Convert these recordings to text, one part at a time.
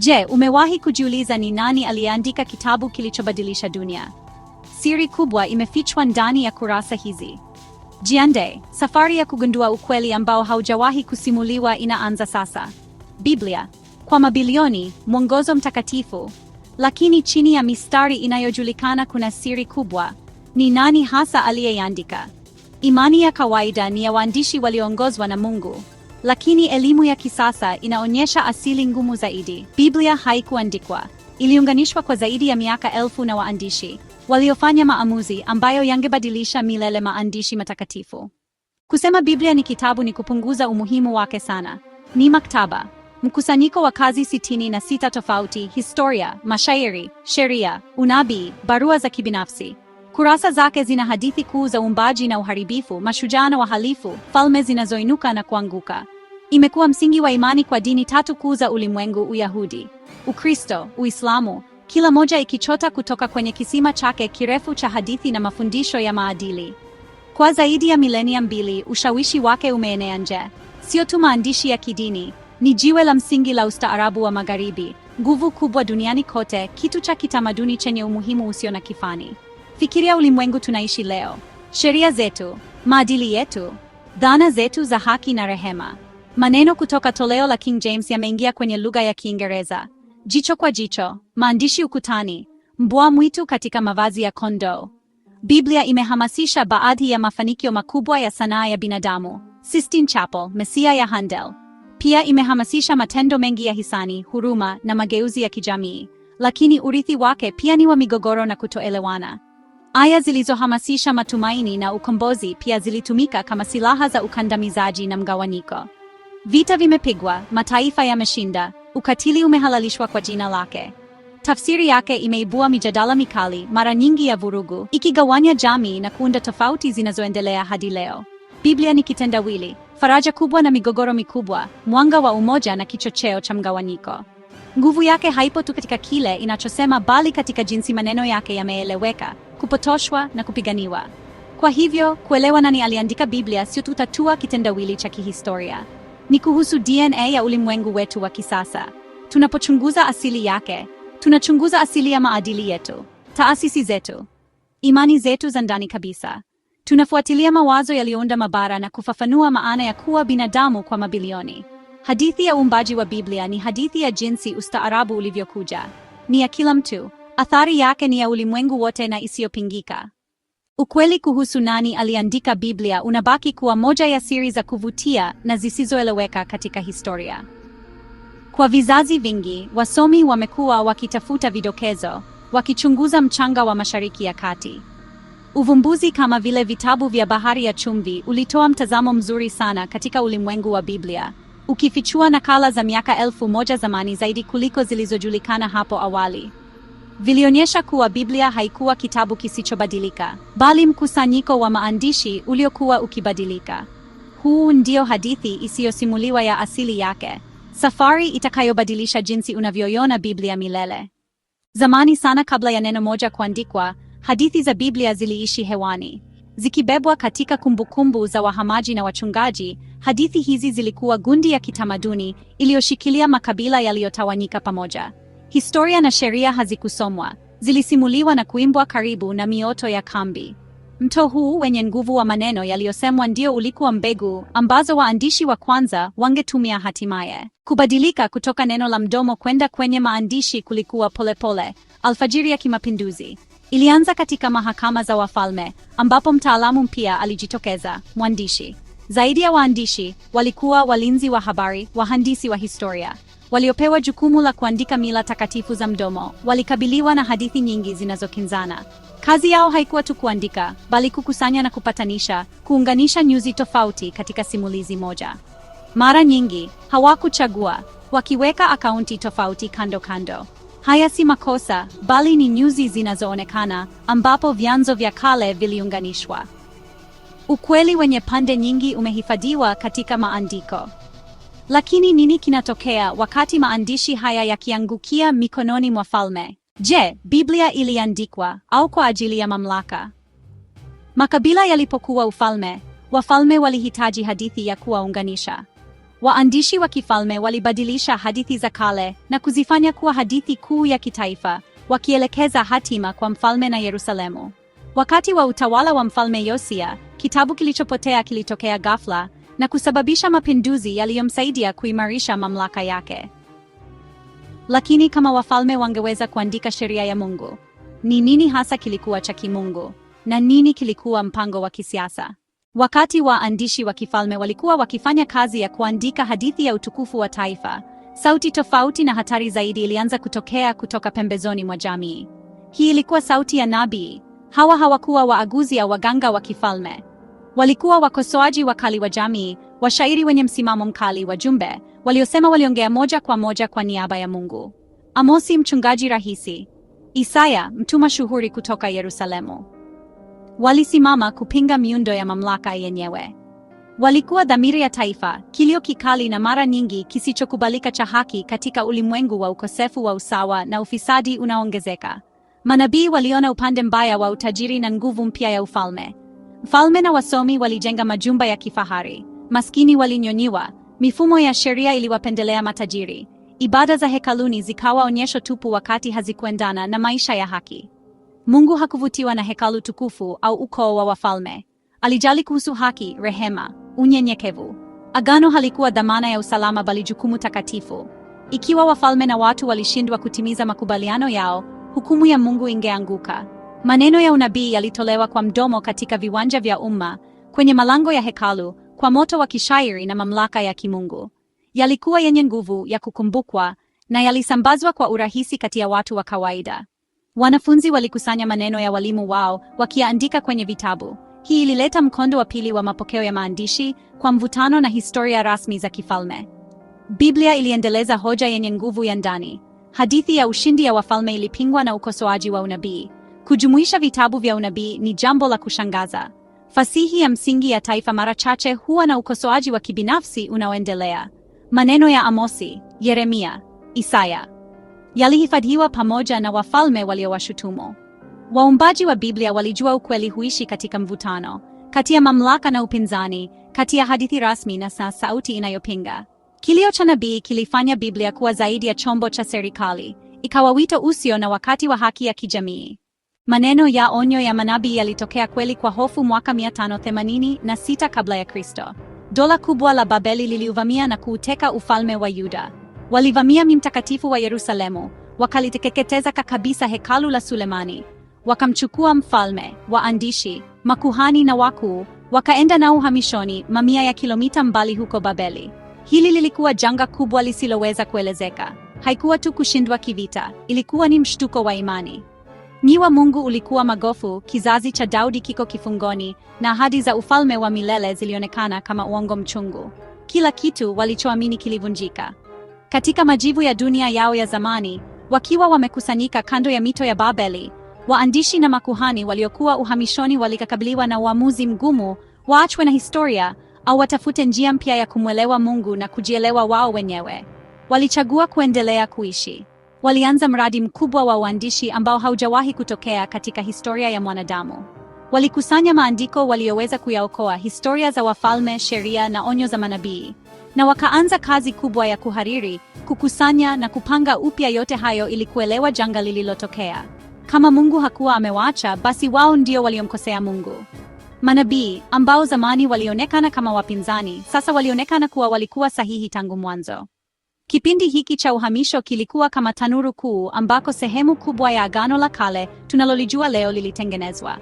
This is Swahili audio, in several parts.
Je, umewahi kujiuliza ni nani aliyeandika kitabu kilichobadilisha dunia? Siri kubwa imefichwa ndani ya kurasa hizi. jiande safari ya kugundua ukweli ambao haujawahi kusimuliwa inaanza sasa. Biblia kwa mabilioni, mwongozo mtakatifu, lakini chini ya mistari inayojulikana kuna siri kubwa. Ni nani hasa aliyeandika? Imani ya kawaida ni ya waandishi walioongozwa na Mungu lakini elimu ya kisasa inaonyesha asili ngumu zaidi. Biblia haikuandikwa, iliunganishwa kwa zaidi ya miaka elfu na waandishi waliofanya maamuzi ambayo yangebadilisha milele maandishi matakatifu. Kusema Biblia ni kitabu ni kupunguza umuhimu wake sana. Ni maktaba, mkusanyiko wa kazi sitini na sita tofauti: historia, mashairi, sheria, unabii, barua za kibinafsi. Kurasa zake zina hadithi kuu za uumbaji na uharibifu, mashujaa na wahalifu, falme zinazoinuka na kuanguka imekuwa msingi wa imani kwa dini tatu kuu za ulimwengu: Uyahudi, Ukristo, Uislamu, kila moja ikichota kutoka kwenye kisima chake kirefu cha hadithi na mafundisho ya maadili. Kwa zaidi ya milenia mbili, ushawishi wake umeenea nje, sio tu maandishi ya kidini, ni jiwe la msingi la ustaarabu wa Magharibi, nguvu kubwa duniani kote, kitu cha kitamaduni chenye umuhimu usio na kifani. Fikiria ulimwengu tunaishi leo, sheria zetu, maadili yetu, dhana zetu za haki na rehema Maneno kutoka toleo la King James yameingia kwenye lugha ya Kiingereza. Jicho kwa jicho, maandishi ukutani, mbwa mwitu katika mavazi ya kondoo. Biblia imehamasisha baadhi ya mafanikio makubwa ya sanaa ya binadamu. Sistine Chapel, Mesia ya Handel. Pia imehamasisha matendo mengi ya hisani, huruma na mageuzi ya kijamii, lakini urithi wake pia ni wa migogoro na kutoelewana. Aya zilizohamasisha matumaini na ukombozi pia zilitumika kama silaha za ukandamizaji na mgawanyiko. Vita vimepigwa, mataifa yameshinda, ukatili umehalalishwa kwa jina lake. Tafsiri yake imeibua mijadala mikali, mara nyingi ya vurugu, ikigawanya jamii na kuunda tofauti zinazoendelea hadi leo. Biblia ni kitendawili, faraja kubwa na migogoro mikubwa, mwanga wa umoja na kichocheo cha mgawanyiko. Nguvu yake haipo tu katika kile inachosema, bali katika jinsi maneno yake yameeleweka, kupotoshwa na kupiganiwa. Kwa hivyo, kuelewa nani aliandika Biblia sio tu tatua kitendawili cha kihistoria ni kuhusu DNA ya ulimwengu wetu wa kisasa. Tunapochunguza asili yake, tunachunguza asili ya maadili yetu, taasisi zetu, imani zetu za ndani kabisa. Tunafuatilia mawazo yaliyounda mabara na kufafanua maana ya kuwa binadamu kwa mabilioni. Hadithi ya uumbaji wa Biblia ni hadithi ya jinsi ustaarabu ulivyokuja. Ni ya kila mtu, athari yake ni ya ulimwengu wote na isiyopingika. Ukweli kuhusu nani aliandika Biblia unabaki kuwa moja ya siri za kuvutia na zisizoeleweka katika historia. Kwa vizazi vingi, wasomi wamekuwa wakitafuta vidokezo, wakichunguza mchanga wa Mashariki ya Kati. Uvumbuzi kama vile vitabu vya Bahari ya Chumvi ulitoa mtazamo mzuri sana katika ulimwengu wa Biblia, ukifichua nakala za miaka elfu moja zamani zaidi kuliko zilizojulikana hapo awali vilionyesha kuwa Biblia haikuwa kitabu kisichobadilika, bali mkusanyiko wa maandishi uliokuwa ukibadilika. Huu ndio hadithi isiyosimuliwa ya asili yake, safari itakayobadilisha jinsi unavyoiona Biblia milele. Zamani sana kabla ya neno moja kuandikwa, hadithi za Biblia ziliishi hewani, zikibebwa katika kumbukumbu za wahamaji na wachungaji. Hadithi hizi zilikuwa gundi ya kitamaduni iliyoshikilia makabila yaliyotawanyika pamoja. Historia na sheria hazikusomwa, zilisimuliwa na kuimbwa karibu na mioto ya kambi. Mto huu wenye nguvu wa maneno yaliyosemwa ndio ulikuwa mbegu ambazo waandishi wa kwanza wangetumia hatimaye. Kubadilika kutoka neno la mdomo kwenda kwenye maandishi kulikuwa polepole pole. Alfajiri ya kimapinduzi ilianza katika mahakama za wafalme ambapo mtaalamu pia alijitokeza, mwandishi. Zaidi ya waandishi, walikuwa walinzi wa habari, wahandisi wa historia waliopewa jukumu la kuandika mila takatifu za mdomo walikabiliwa na hadithi nyingi zinazokinzana. Kazi yao haikuwa tu kuandika, bali kukusanya na kupatanisha, kuunganisha nyuzi tofauti katika simulizi moja. Mara nyingi hawakuchagua, wakiweka akaunti tofauti kando kando. Haya si makosa, bali ni nyuzi zinazoonekana ambapo vyanzo vya kale viliunganishwa. Ukweli wenye pande nyingi umehifadhiwa katika maandiko. Lakini nini kinatokea wakati maandishi haya yakiangukia mikononi mwa falme? Je, Biblia iliandikwa au kwa ajili ya mamlaka? Makabila yalipokuwa ufalme, wafalme walihitaji hadithi ya kuwaunganisha. Waandishi wa kifalme walibadilisha hadithi za kale na kuzifanya kuwa hadithi kuu ya kitaifa, wakielekeza hatima kwa mfalme na Yerusalemu. Wakati wa utawala wa Mfalme Yosia, kitabu kilichopotea kilitokea ghafla na kusababisha mapinduzi yaliyomsaidia kuimarisha mamlaka yake. Lakini kama wafalme wangeweza kuandika sheria ya Mungu, ni nini hasa kilikuwa cha kimungu na nini kilikuwa mpango wa kisiasa? Wakati waandishi wa kifalme walikuwa wakifanya kazi ya kuandika hadithi ya utukufu wa taifa, sauti tofauti na hatari zaidi ilianza kutokea kutoka pembezoni mwa jamii. Hii ilikuwa sauti ya nabii. Hawa hawakuwa waaguzi au waganga wa kifalme, walikuwa wakosoaji wakali wa jamii, washairi wenye msimamo mkali, wajumbe waliosema waliongea moja kwa moja kwa niaba ya Mungu. Amosi mchungaji rahisi, Isaya mtuma shuhuri kutoka Yerusalemu. Walisimama kupinga miundo ya mamlaka yenyewe. Walikuwa dhamiri ya taifa, kilio kikali na mara nyingi kisichokubalika cha haki katika ulimwengu wa ukosefu wa usawa na ufisadi unaongezeka. Manabii waliona upande mbaya wa utajiri na nguvu mpya ya ufalme. Falme na wasomi walijenga majumba ya kifahari, maskini walinyonyiwa, mifumo ya sheria iliwapendelea matajiri. Ibada za hekaluni zikawa onyesho tupu wakati hazikuendana na maisha ya haki. Mungu hakuvutiwa na hekalu tukufu au ukoo wa wafalme. Alijali kuhusu haki, rehema, unyenyekevu. Agano halikuwa dhamana ya usalama bali jukumu takatifu. Ikiwa wafalme na watu walishindwa kutimiza makubaliano yao, hukumu ya Mungu ingeanguka. Maneno ya unabii yalitolewa kwa mdomo katika viwanja vya umma, kwenye malango ya hekalu, kwa moto wa kishairi na mamlaka ya kimungu. Yalikuwa yenye nguvu ya kukumbukwa na yalisambazwa kwa urahisi kati ya watu wa kawaida. Wanafunzi walikusanya maneno ya walimu wao, wakiandika kwenye vitabu. Hii ilileta mkondo wa pili wa mapokeo ya maandishi kwa mvutano na historia rasmi za kifalme. Biblia iliendeleza hoja yenye nguvu ya ndani. Hadithi ya ushindi ya wafalme ilipingwa na ukosoaji wa unabii. Kujumuisha vitabu vya unabii ni jambo la kushangaza. Fasihi ya msingi ya taifa mara chache huwa na ukosoaji wa kibinafsi unaoendelea. Maneno ya Amosi, Yeremia, Isaya yalihifadhiwa pamoja na wafalme waliowashutumu. Waumbaji wa Biblia walijua ukweli huishi katika mvutano kati ya mamlaka na upinzani, kati ya hadithi rasmi na saa sauti inayopinga. Kilio cha nabii kilifanya Biblia kuwa zaidi ya chombo cha serikali, ikawa wito usio na wakati wa haki ya kijamii. Maneno ya onyo ya manabii yalitokea kweli kwa hofu mwaka 586 kabla ya Kristo. Dola kubwa la Babeli liliuvamia na kuuteka ufalme wa Yuda. Walivamia mji mtakatifu wa Yerusalemu, wakaliteketeza kabisa hekalu la Sulemani, wakamchukua mfalme, waandishi, makuhani na wakuu, wakaenda nao uhamishoni mamia ya kilomita mbali huko Babeli. Hili lilikuwa janga kubwa lisiloweza kuelezeka. Haikuwa tu kushindwa kivita, ilikuwa ni mshtuko wa imani. Ni wa Mungu ulikuwa magofu, kizazi cha Daudi kiko kifungoni, na ahadi za ufalme wa milele zilionekana kama uongo mchungu. Kila kitu walichoamini kilivunjika. Katika majivu ya dunia yao ya zamani, wakiwa wamekusanyika kando ya mito ya Babeli, waandishi na makuhani waliokuwa uhamishoni walikabiliwa na uamuzi mgumu: waachwe na historia au watafute njia mpya ya kumwelewa Mungu na kujielewa wao wenyewe. Walichagua kuendelea kuishi Walianza mradi mkubwa wa uandishi ambao haujawahi kutokea katika historia ya mwanadamu. Walikusanya maandiko walioweza kuyaokoa, historia za wafalme, sheria na onyo za manabii, na wakaanza kazi kubwa ya kuhariri, kukusanya na kupanga upya yote hayo ili kuelewa janga lililotokea. Kama Mungu hakuwa amewaacha, basi wao ndio waliomkosea Mungu. Manabii ambao zamani walionekana kama wapinzani, sasa walionekana kuwa walikuwa sahihi tangu mwanzo. Kipindi hiki cha uhamisho kilikuwa kama tanuru kuu ambako sehemu kubwa ya Agano la Kale tunalolijua leo lilitengenezwa.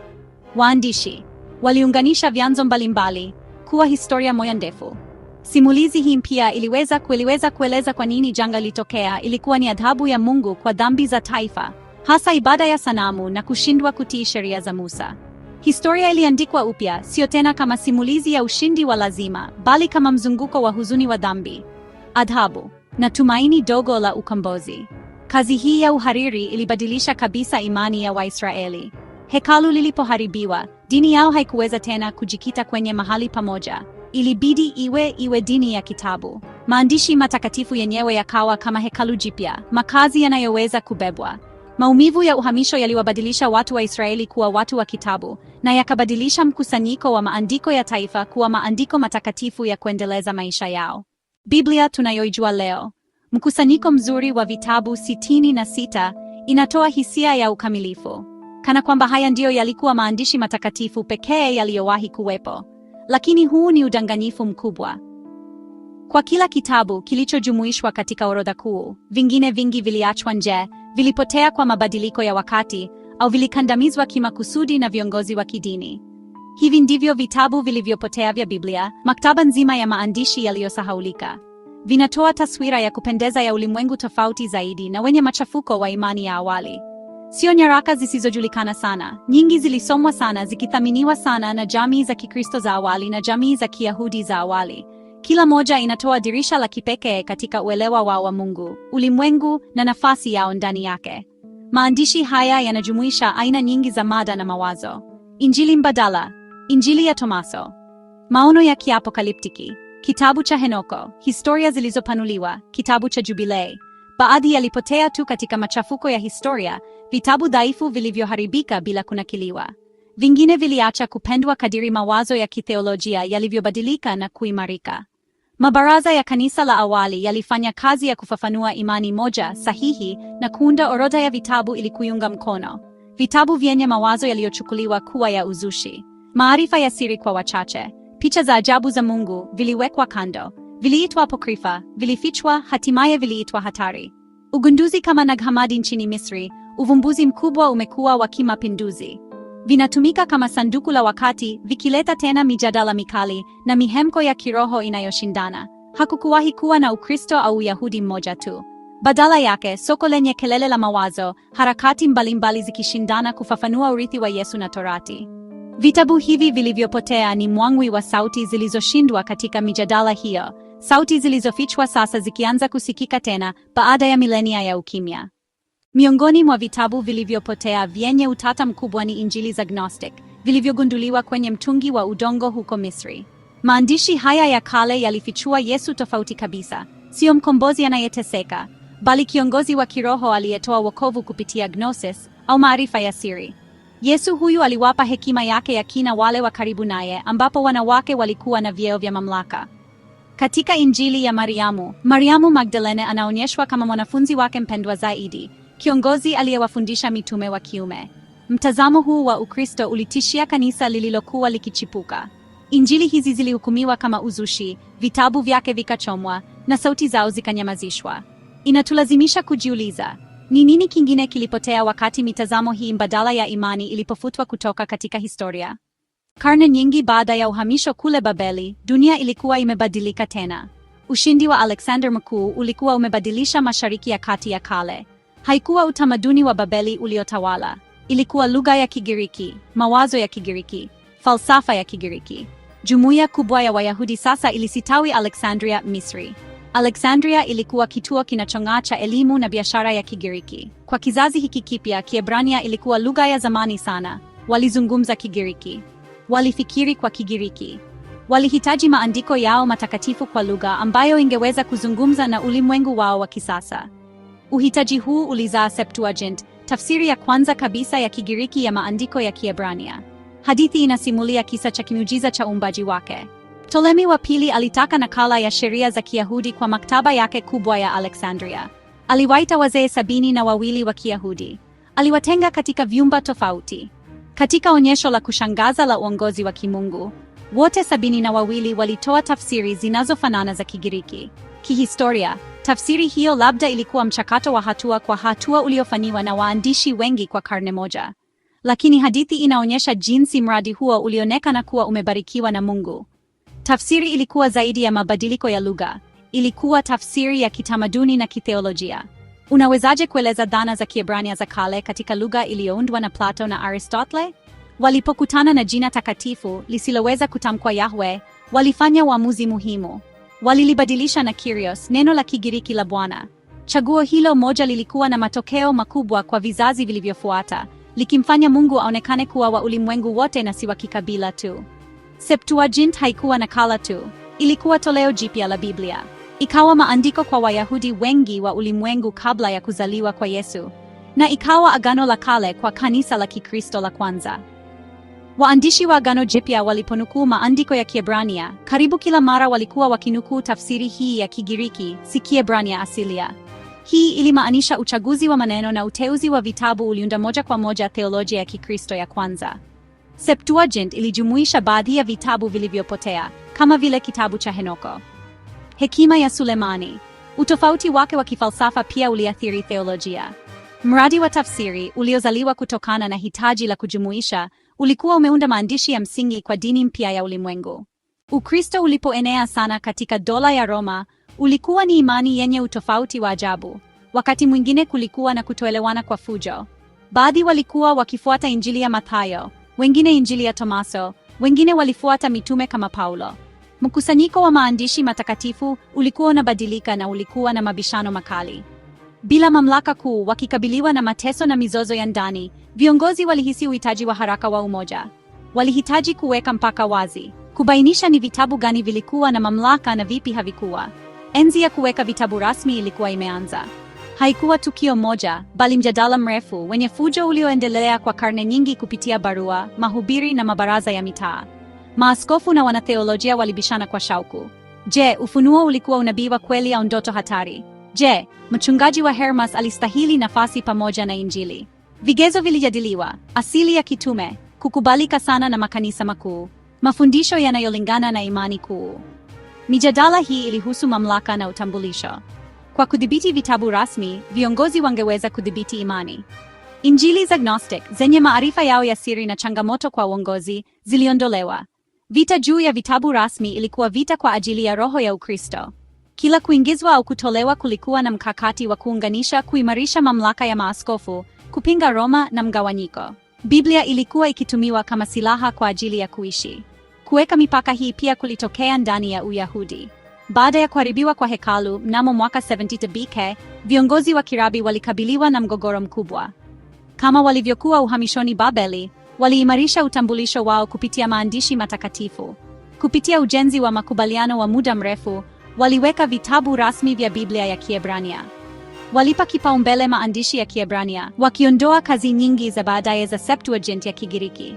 Waandishi waliunganisha vyanzo mbalimbali kuwa historia moja ndefu. Simulizi hii pia iliweza kueleza kueleza kwa nini janga lilitokea. Ilikuwa ni adhabu ya Mungu kwa dhambi za taifa, hasa ibada ya sanamu na kushindwa kutii sheria za Musa. Historia iliandikwa upya, sio tena kama simulizi ya ushindi wa lazima, bali kama mzunguko wa huzuni wa dhambi, adhabu na tumaini dogo la ukombozi. Kazi hii ya uhariri ilibadilisha kabisa imani ya Waisraeli. Hekalu lilipoharibiwa, dini yao haikuweza tena kujikita kwenye mahali pamoja. Ilibidi iwe iwe dini ya kitabu. Maandishi matakatifu yenyewe yakawa kama hekalu jipya, makazi yanayoweza kubebwa. Maumivu ya uhamisho yaliwabadilisha watu wa Israeli kuwa watu wa kitabu na yakabadilisha mkusanyiko wa maandiko ya taifa kuwa maandiko matakatifu ya kuendeleza maisha yao. Biblia tunayoijua leo, mkusanyiko mzuri wa vitabu sitini na sita, inatoa hisia ya ukamilifu, kana kwamba haya ndiyo yalikuwa maandishi matakatifu pekee yaliyowahi kuwepo. Lakini huu ni udanganyifu mkubwa. Kwa kila kitabu kilichojumuishwa katika orodha kuu, vingine vingi viliachwa nje, vilipotea kwa mabadiliko ya wakati, au vilikandamizwa kimakusudi na viongozi wa kidini. Hivi ndivyo vitabu vilivyopotea vya Biblia, maktaba nzima ya maandishi yaliyosahaulika. Vinatoa taswira ya kupendeza ya ulimwengu tofauti zaidi na wenye machafuko wa imani ya awali. Sio nyaraka zisizojulikana sana, nyingi zilisomwa sana zikithaminiwa sana na jamii za Kikristo za awali na jamii za Kiyahudi za awali. Kila moja inatoa dirisha la kipekee katika uelewa wao wa Mungu, ulimwengu na nafasi yao ndani yake. Maandishi haya yanajumuisha aina nyingi za mada na mawazo. Injili mbadala, Injili ya Tomaso, maono ya kiapokaliptiki, kitabu cha Henoko, historia zilizopanuliwa, kitabu cha Jubilei. Baadhi yalipotea tu katika machafuko ya historia, vitabu dhaifu vilivyoharibika bila kunakiliwa. Vingine viliacha kupendwa kadiri mawazo ya kitheolojia yalivyobadilika na kuimarika. Mabaraza ya kanisa la awali yalifanya kazi ya kufafanua imani moja sahihi na kuunda orodha ya vitabu ili kuiunga mkono. Vitabu vyenye mawazo yaliyochukuliwa kuwa ya uzushi maarifa ya siri kwa wachache, picha za ajabu za Mungu viliwekwa kando, viliitwa apokrifa, vilifichwa, hatimaye viliitwa hatari. Ugunduzi kama Nag Hammadi nchini Misri, uvumbuzi mkubwa umekuwa wa kimapinduzi. Vinatumika kama sanduku la wakati, vikileta tena mijadala mikali na mihemko ya kiroho inayoshindana. Hakukuwahi kuwa na Ukristo au Uyahudi mmoja tu. Badala yake, soko lenye kelele la mawazo, harakati mbalimbali zikishindana kufafanua urithi wa Yesu na Torati. Vitabu hivi vilivyopotea ni mwangwi wa sauti zilizoshindwa katika mijadala hiyo, sauti zilizofichwa sasa zikianza kusikika tena baada ya milenia ya ukimya. Miongoni mwa vitabu vilivyopotea vyenye utata mkubwa ni Injili za Gnostic, vilivyogunduliwa kwenye mtungi wa udongo huko Misri. Maandishi haya ya kale yalifichua Yesu tofauti kabisa, sio mkombozi anayeteseka, bali kiongozi wa kiroho aliyetoa wokovu kupitia gnosis au maarifa ya siri. Yesu huyu aliwapa hekima yake ya kina wale wa karibu naye, ambapo wanawake walikuwa na vyeo vya mamlaka. Katika Injili ya Mariamu, Mariamu Magdalene anaonyeshwa kama mwanafunzi wake mpendwa zaidi, kiongozi aliyewafundisha mitume wa kiume. Mtazamo huu wa Ukristo ulitishia kanisa lililokuwa likichipuka. Injili hizi zilihukumiwa kama uzushi, vitabu vyake vikachomwa na sauti zao zikanyamazishwa. Inatulazimisha kujiuliza, ni nini kingine kilipotea wakati mitazamo hii mbadala ya imani ilipofutwa kutoka katika historia? Karne nyingi baada ya uhamisho kule Babeli, dunia ilikuwa imebadilika tena. Ushindi wa Alexander Mkuu ulikuwa umebadilisha Mashariki ya Kati ya kale. Haikuwa utamaduni wa Babeli uliotawala. Ilikuwa lugha ya Kigiriki, mawazo ya Kigiriki, falsafa ya Kigiriki. Jumuiya kubwa ya Wayahudi sasa ilisitawi Alexandria, Misri. Alexandria ilikuwa kituo kinachong'aa cha elimu na biashara ya Kigiriki. Kwa kizazi hiki kipya, Kiebrania ilikuwa lugha ya zamani sana. Walizungumza Kigiriki, walifikiri kwa Kigiriki, walihitaji maandiko yao matakatifu kwa lugha ambayo ingeweza kuzungumza na ulimwengu wao wa kisasa. Uhitaji huu ulizaa Septuagint, tafsiri ya kwanza kabisa ya Kigiriki ya maandiko ya Kiebrania. Hadithi inasimulia kisa cha kimujiza cha uumbaji wake. Ptolemy wa pili alitaka nakala ya sheria za Kiyahudi kwa maktaba yake kubwa ya Alexandria. Aliwaita wazee sabini na wawili wa Kiyahudi. Aliwatenga katika vyumba tofauti. Katika onyesho la kushangaza la uongozi wa kimungu, wote sabini na wawili walitoa tafsiri zinazofanana za Kigiriki. Kihistoria, tafsiri hiyo labda ilikuwa mchakato wa hatua kwa hatua uliofanyiwa na waandishi wengi kwa karne moja. Lakini hadithi inaonyesha jinsi mradi huo ulionekana kuwa umebarikiwa na Mungu. Tafsiri ilikuwa zaidi ya mabadiliko ya lugha, ilikuwa tafsiri ya kitamaduni na kitheolojia. Unawezaje kueleza dhana za Kiebrania za kale katika lugha iliyoundwa na Plato na Aristotle? Walipokutana na jina takatifu lisiloweza kutamkwa Yahweh, walifanya uamuzi muhimu. Walilibadilisha na Kyrios, neno la Kigiriki la Bwana. Chaguo hilo moja lilikuwa na matokeo makubwa kwa vizazi vilivyofuata, likimfanya Mungu aonekane kuwa wa ulimwengu wote na si wa kikabila tu. Septuagint haikuwa nakala tu, ilikuwa toleo jipya la Biblia. Ikawa maandiko kwa Wayahudi wengi wa ulimwengu kabla ya kuzaliwa kwa Yesu, na ikawa Agano la Kale kwa kanisa la Kikristo la kwanza. Waandishi wa Agano Jipya waliponukuu maandiko ya Kiebrania, karibu kila mara walikuwa wakinukuu tafsiri hii ya Kigiriki, si Kiebrania asilia. Hii ilimaanisha uchaguzi wa maneno na uteuzi wa vitabu uliunda moja kwa moja theolojia ya Kikristo ya kwanza. Septuagint ilijumuisha baadhi ya vitabu vilivyopotea kama vile kitabu cha Henoko. Hekima ya Sulemani. Utofauti wake wa kifalsafa pia uliathiri theolojia. Mradi wa tafsiri uliozaliwa kutokana na hitaji la kujumuisha ulikuwa umeunda maandishi ya msingi kwa dini mpya ya ulimwengu. Ukristo ulipoenea sana katika dola ya Roma, ulikuwa ni imani yenye utofauti wa ajabu. Wakati mwingine kulikuwa na kutoelewana kwa fujo. Baadhi walikuwa wakifuata Injili ya Mathayo, wengine Injili ya Tomaso, wengine walifuata mitume kama Paulo. Mkusanyiko wa maandishi matakatifu ulikuwa unabadilika na ulikuwa na mabishano makali. Bila mamlaka kuu, wakikabiliwa na mateso na mizozo ya ndani, viongozi walihisi uhitaji wa haraka wa umoja. Walihitaji kuweka mpaka wazi, kubainisha ni vitabu gani vilikuwa na mamlaka na vipi havikuwa. Enzi ya kuweka vitabu rasmi ilikuwa imeanza. Haikuwa tukio moja, bali mjadala mrefu wenye fujo ulioendelea kwa karne nyingi kupitia barua, mahubiri na mabaraza ya mitaa. Maaskofu na wanatheolojia walibishana kwa shauku. Je, ufunuo ulikuwa unabii wa kweli au ndoto hatari? Je, mchungaji wa Hermas alistahili nafasi pamoja na Injili? Vigezo vilijadiliwa: asili ya kitume, kukubalika sana na makanisa makuu, mafundisho yanayolingana na imani kuu. Mijadala hii ilihusu mamlaka na utambulisho. Kwa kudhibiti vitabu rasmi, viongozi wangeweza kudhibiti imani. Injili za Gnostic zenye maarifa yao ya siri na changamoto kwa uongozi ziliondolewa. Vita juu ya vitabu rasmi ilikuwa vita kwa ajili ya roho ya Ukristo. Kila kuingizwa au kutolewa kulikuwa na mkakati wa kuunganisha, kuimarisha mamlaka ya maaskofu, kupinga Roma na mgawanyiko. Biblia ilikuwa ikitumiwa kama silaha kwa ajili ya kuishi. Kuweka mipaka hii pia kulitokea ndani ya Uyahudi. Baada ya kuharibiwa kwa hekalu mnamo mwaka 72 BK, viongozi wa Kirabi walikabiliwa na mgogoro mkubwa. Kama walivyokuwa uhamishoni Babeli, waliimarisha utambulisho wao kupitia maandishi matakatifu. Kupitia ujenzi wa makubaliano wa muda mrefu, waliweka vitabu rasmi vya Biblia ya Kiebrania. Walipa kipaumbele maandishi ya Kiebrania, wakiondoa kazi nyingi za baadaye za Septuagint ya Kigiriki.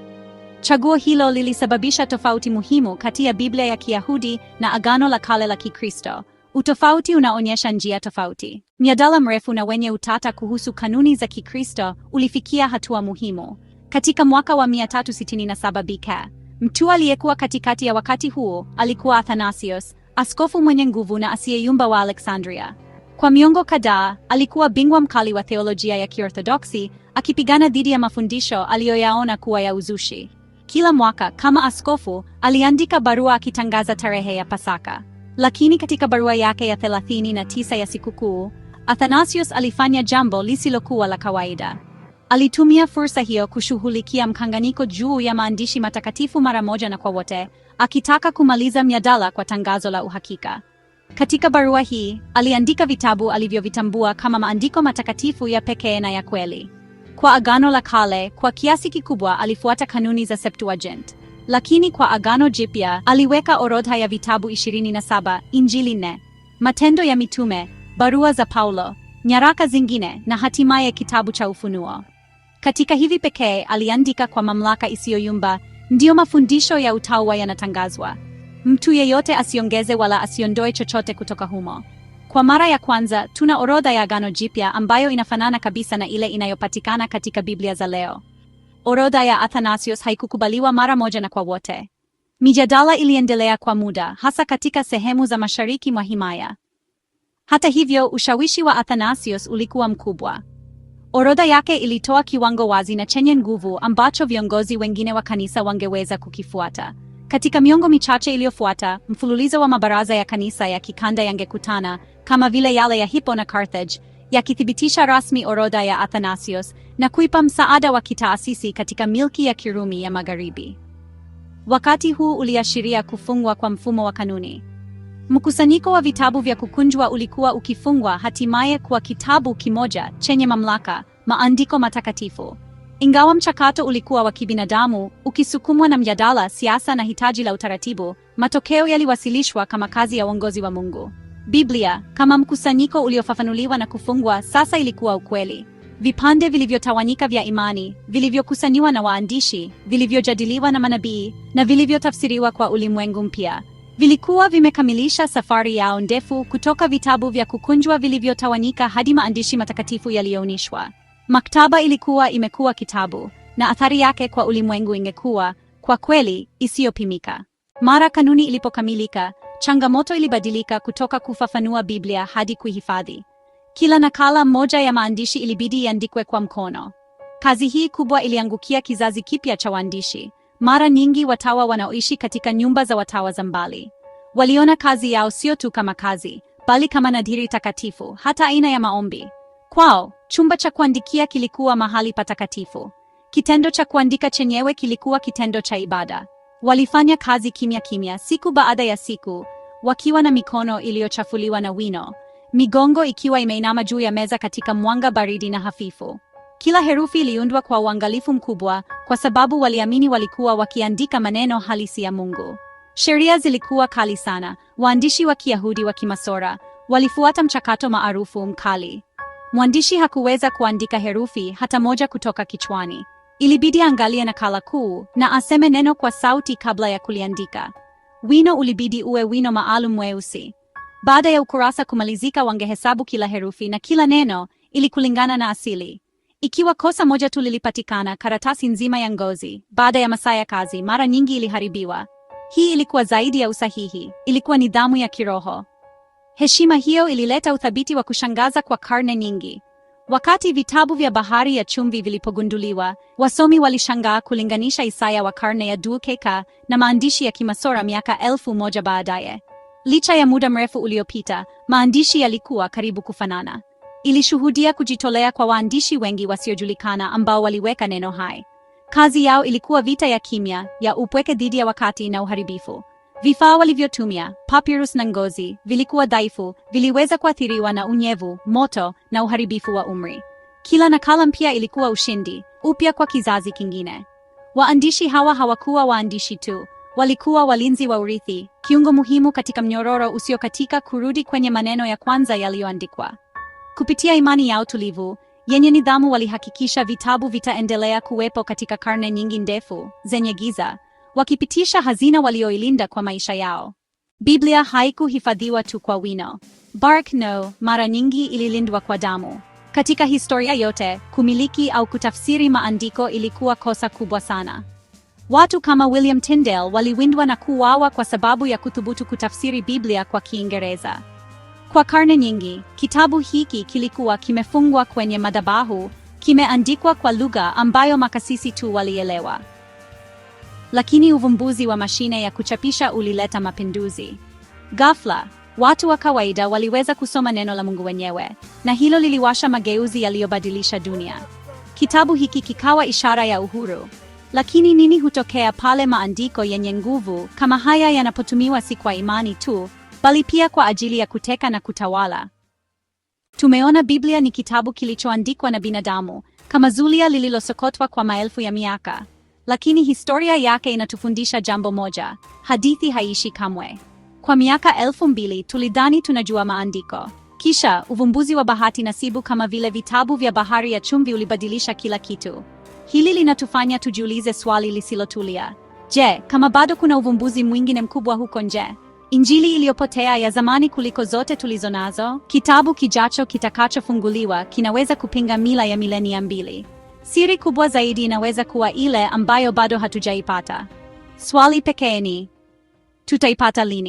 Chaguo hilo lilisababisha tofauti muhimu kati ya Biblia ya Kiyahudi na Agano la Kale la Kikristo. Utofauti unaonyesha njia tofauti. Mjadala mrefu na wenye utata kuhusu kanuni za Kikristo ulifikia hatua muhimu. Katika mwaka wa 367 BK, mtu aliyekuwa katikati ya wakati huo alikuwa Athanasius, askofu mwenye nguvu na asiyeyumba wa Alexandria. Kwa miongo kadhaa alikuwa bingwa mkali wa theolojia ya Kiorthodoksi, akipigana dhidi ya mafundisho aliyoyaona kuwa ya uzushi. Kila mwaka kama askofu aliandika barua akitangaza tarehe ya Pasaka, lakini katika barua yake ya 39 ya sikukuu, Athanasius alifanya jambo lisilokuwa la kawaida. Alitumia fursa hiyo kushughulikia mkanganyiko juu ya maandishi matakatifu mara moja na kwa wote, akitaka kumaliza mjadala kwa tangazo la uhakika. Katika barua hii, aliandika vitabu alivyovitambua kama maandiko matakatifu ya pekee na ya kweli. Kwa Agano la Kale kwa kiasi kikubwa alifuata kanuni za Septuagint, lakini kwa Agano Jipya aliweka orodha ya vitabu 27, Injili nne, Matendo ya Mitume, barua za Paulo, nyaraka zingine na hatimaye kitabu cha Ufunuo. Katika hivi pekee aliandika kwa mamlaka isiyoyumba, ndiyo mafundisho ya utawa yanatangazwa. Mtu yeyote asiongeze wala asiondoe chochote kutoka humo. Kwa mara ya kwanza tuna orodha ya Agano Jipya ambayo inafanana kabisa na ile inayopatikana katika Biblia za leo. Orodha ya Athanasius haikukubaliwa mara moja na kwa wote. Mijadala iliendelea kwa muda, hasa katika sehemu za mashariki mwa himaya. Hata hivyo, ushawishi wa Athanasius ulikuwa mkubwa. Orodha yake ilitoa kiwango wazi na chenye nguvu ambacho viongozi wengine wa kanisa wangeweza kukifuata. Katika miongo michache iliyofuata, mfululizo wa mabaraza ya kanisa ya kikanda yangekutana kama vile yale ya Hippo na Carthage, yakithibitisha rasmi orodha ya Athanasios na kuipa msaada wa kitaasisi katika milki ya Kirumi ya Magharibi. Wakati huu uliashiria kufungwa kwa mfumo wa kanuni. Mkusanyiko wa vitabu vya kukunjwa ulikuwa ukifungwa hatimaye kwa kitabu kimoja chenye mamlaka, maandiko matakatifu. Ingawa mchakato ulikuwa wa kibinadamu, ukisukumwa na mjadala, siasa na hitaji la utaratibu, matokeo yaliwasilishwa kama kazi ya uongozi wa Mungu. Biblia, kama mkusanyiko uliofafanuliwa na kufungwa, sasa ilikuwa ukweli. Vipande vilivyotawanyika vya imani, vilivyokusanywa na waandishi, vilivyojadiliwa na manabii, na vilivyotafsiriwa kwa ulimwengu mpya, vilikuwa vimekamilisha safari yao ndefu kutoka vitabu vya kukunjwa vilivyotawanyika hadi maandishi matakatifu yaliyounishwa. Maktaba ilikuwa imekuwa kitabu, na athari yake kwa ulimwengu ingekuwa kwa kweli isiyopimika. Mara kanuni ilipokamilika, changamoto ilibadilika kutoka kufafanua Biblia hadi kuhifadhi. Kila nakala moja ya maandishi ilibidi iandikwe kwa mkono. Kazi hii kubwa iliangukia kizazi kipya cha waandishi, mara nyingi watawa wanaoishi katika nyumba za watawa za mbali. Waliona kazi yao sio tu kama kazi, bali kama nadhiri takatifu, hata aina ya maombi. Kwao Chumba cha kuandikia kilikuwa mahali patakatifu. Kitendo cha kuandika chenyewe kilikuwa kitendo cha ibada. Walifanya kazi kimya kimya, siku baada ya siku, wakiwa na mikono iliyochafuliwa na wino, migongo ikiwa imeinama juu ya meza katika mwanga baridi na hafifu. Kila herufi iliundwa kwa uangalifu mkubwa, kwa sababu waliamini walikuwa wakiandika maneno halisi ya Mungu. Sheria zilikuwa kali sana. Waandishi wa Kiyahudi wa kimasora walifuata mchakato maarufu mkali. Mwandishi hakuweza kuandika herufi hata moja kutoka kichwani. Ilibidi angalie nakala kuu na aseme neno kwa sauti kabla ya kuliandika. Wino ulibidi uwe wino maalum mweusi. Baada ya ukurasa kumalizika, wangehesabu kila herufi na kila neno ili kulingana na asili. Ikiwa kosa moja tu lilipatikana, karatasi nzima ya ngozi baada ya masaa ya kazi mara nyingi iliharibiwa. Hii ilikuwa zaidi ya usahihi, ilikuwa nidhamu ya kiroho. Heshima hiyo ilileta uthabiti wa kushangaza kwa karne nyingi. Wakati vitabu vya Bahari ya Chumvi vilipogunduliwa, wasomi walishangaa kulinganisha Isaya wa karne ya Dukeka na maandishi ya Kimasora miaka elfu moja baadaye. Licha ya muda mrefu uliopita, maandishi yalikuwa karibu kufanana. Ilishuhudia kujitolea kwa waandishi wengi wasiojulikana ambao waliweka neno hai. Kazi yao ilikuwa vita ya kimya ya upweke dhidi ya wakati na uharibifu. Vifaa walivyotumia, papyrus na ngozi, vilikuwa dhaifu, viliweza kuathiriwa na unyevu, moto na uharibifu wa umri. Kila nakala mpya ilikuwa ushindi upya kwa kizazi kingine. Waandishi hawa hawakuwa waandishi tu, walikuwa walinzi wa urithi, kiungo muhimu katika mnyororo usiokatika kurudi kwenye maneno ya kwanza yaliyoandikwa. Kupitia imani yao tulivu yenye nidhamu, walihakikisha vitabu vitaendelea kuwepo katika karne nyingi ndefu zenye giza wakipitisha hazina walioilinda kwa maisha yao. Biblia haikuhifadhiwa tu kwa wino. Barkno mara nyingi ililindwa kwa damu. Katika historia yote, kumiliki au kutafsiri maandiko ilikuwa kosa kubwa sana. Watu kama William Tyndale waliwindwa na kuuawa kwa sababu ya kuthubutu kutafsiri Biblia kwa Kiingereza. Kwa karne nyingi, kitabu hiki kilikuwa kimefungwa kwenye madhabahu, kimeandikwa kwa lugha ambayo makasisi tu walielewa lakini uvumbuzi wa mashine ya kuchapisha ulileta mapinduzi. Ghafla, watu wa kawaida waliweza kusoma neno la Mungu wenyewe, na hilo liliwasha mageuzi yaliyobadilisha dunia. Kitabu hiki kikawa ishara ya uhuru. Lakini nini hutokea pale maandiko yenye nguvu kama haya yanapotumiwa si kwa imani tu, bali pia kwa ajili ya kuteka na kutawala? Tumeona Biblia ni kitabu kilichoandikwa na binadamu, kama zulia lililosokotwa kwa maelfu ya miaka lakini historia yake inatufundisha jambo moja: hadithi haishi kamwe. Kwa miaka elfu mbili tulidhani tunajua maandiko, kisha uvumbuzi wa bahati nasibu kama vile vitabu vya Bahari ya Chumvi ulibadilisha kila kitu. Hili linatufanya tujiulize swali lisilotulia: je, kama bado kuna uvumbuzi mwingine mkubwa huko nje? Injili iliyopotea ya zamani kuliko zote tulizo nazo, kitabu kijacho kitakachofunguliwa kinaweza kupinga mila ya milenia mbili. Siri kubwa zaidi inaweza kuwa ile ambayo bado hatujaipata. Swali pekee ni tutaipata lini?